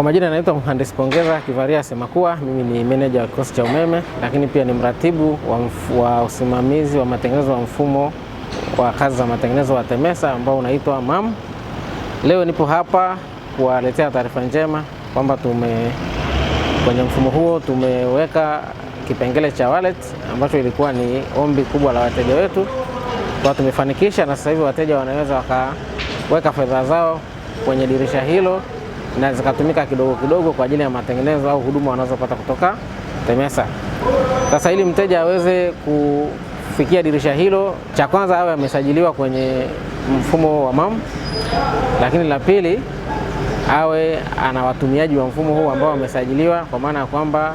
Kwa majina naitwa Mhandisi Pongeza Kivaria Semakuwa, mimi ni meneja wa kikosi cha umeme, lakini pia ni mratibu wa, mfu, wa usimamizi wa matengenezo wa mfumo wa kazi za matengenezo wa TEMESA ambao unaitwa MAM. Leo nipo hapa kuwaletea taarifa njema kwamba tume kwenye mfumo huo tumeweka kipengele cha wallet ambacho ilikuwa ni ombi kubwa la wateja wetu, kwa tumefanikisha, na sasa hivi wateja wanaweza wakaweka fedha zao kwenye dirisha hilo na zikatumika kidogo kidogo kwa ajili ya matengenezo au huduma wanazopata kutoka TEMESA. Sasa ili mteja aweze kufikia dirisha hilo, cha kwanza awe amesajiliwa kwenye mfumo wa MAM, lakini la pili awe ana watumiaji wa mfumo huu ambao wamesajiliwa, kwa maana ya kwamba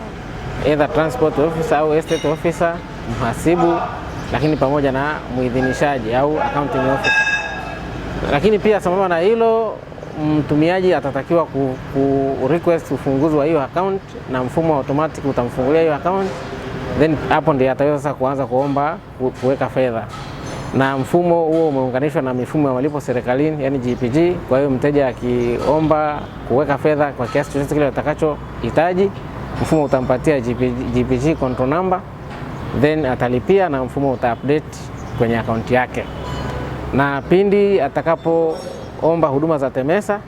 either transport officer au estate officer, mhasibu, lakini pamoja na mwidhinishaji au accounting officer. Lakini pia sambamba na hilo mtumiaji atatakiwa ku, ku request ufunguzi wa hiyo account na mfumo automatic utamfungulia hiyo account, then hapo ndio ataweza sasa kuanza kuomba kuweka fedha, na mfumo huo umeunganishwa na mifumo ya malipo serikalini, yani GPG. Kwa hiyo mteja akiomba kuweka fedha kwa kiasi chochote kile atakachohitaji, mfumo utampatia GPG, GPG control number, then atalipia na mfumo uta update kwenye akaunti yake, na pindi atakapo omba huduma za TEMESA,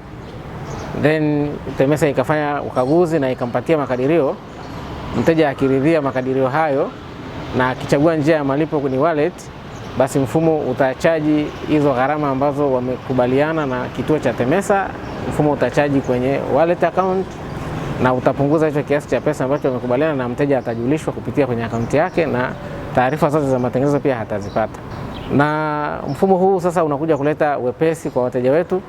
then TEMESA ikafanya ukaguzi na ikampatia makadirio. Mteja akiridhia makadirio hayo na akichagua njia ya malipo kwenye wallet, basi mfumo utachaji hizo gharama ambazo wamekubaliana na kituo cha TEMESA, mfumo utachaji kwenye wallet account na utapunguza hicho kiasi cha pesa ambacho wamekubaliana, na mteja atajulishwa kupitia kwenye akaunti yake, na taarifa zote za matengenezo pia hatazipata na mfumo huu sasa unakuja kuleta wepesi kwa wateja wetu,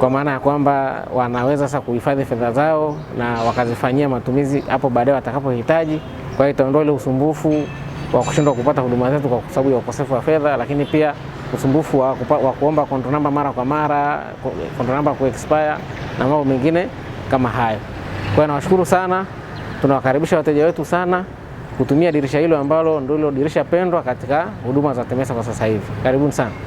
kwa maana ya kwamba wanaweza sasa kuhifadhi fedha zao na wakazifanyia matumizi hapo baadaye watakapohitaji. Kwa hiyo itaondoa ile usumbufu wa kushindwa kupata huduma zetu kwa sababu ya ukosefu wa fedha, lakini pia usumbufu wa, kupa, wa kuomba control number mara kwa mara, number ku expire na mambo mengine kama hayo. Kwa hiyo nawashukuru sana, tunawakaribisha wateja wetu sana kutumia dirisha hilo ambalo ndilo dirisha pendwa katika huduma za TEMESA kwa sasa hivi. Karibuni sana.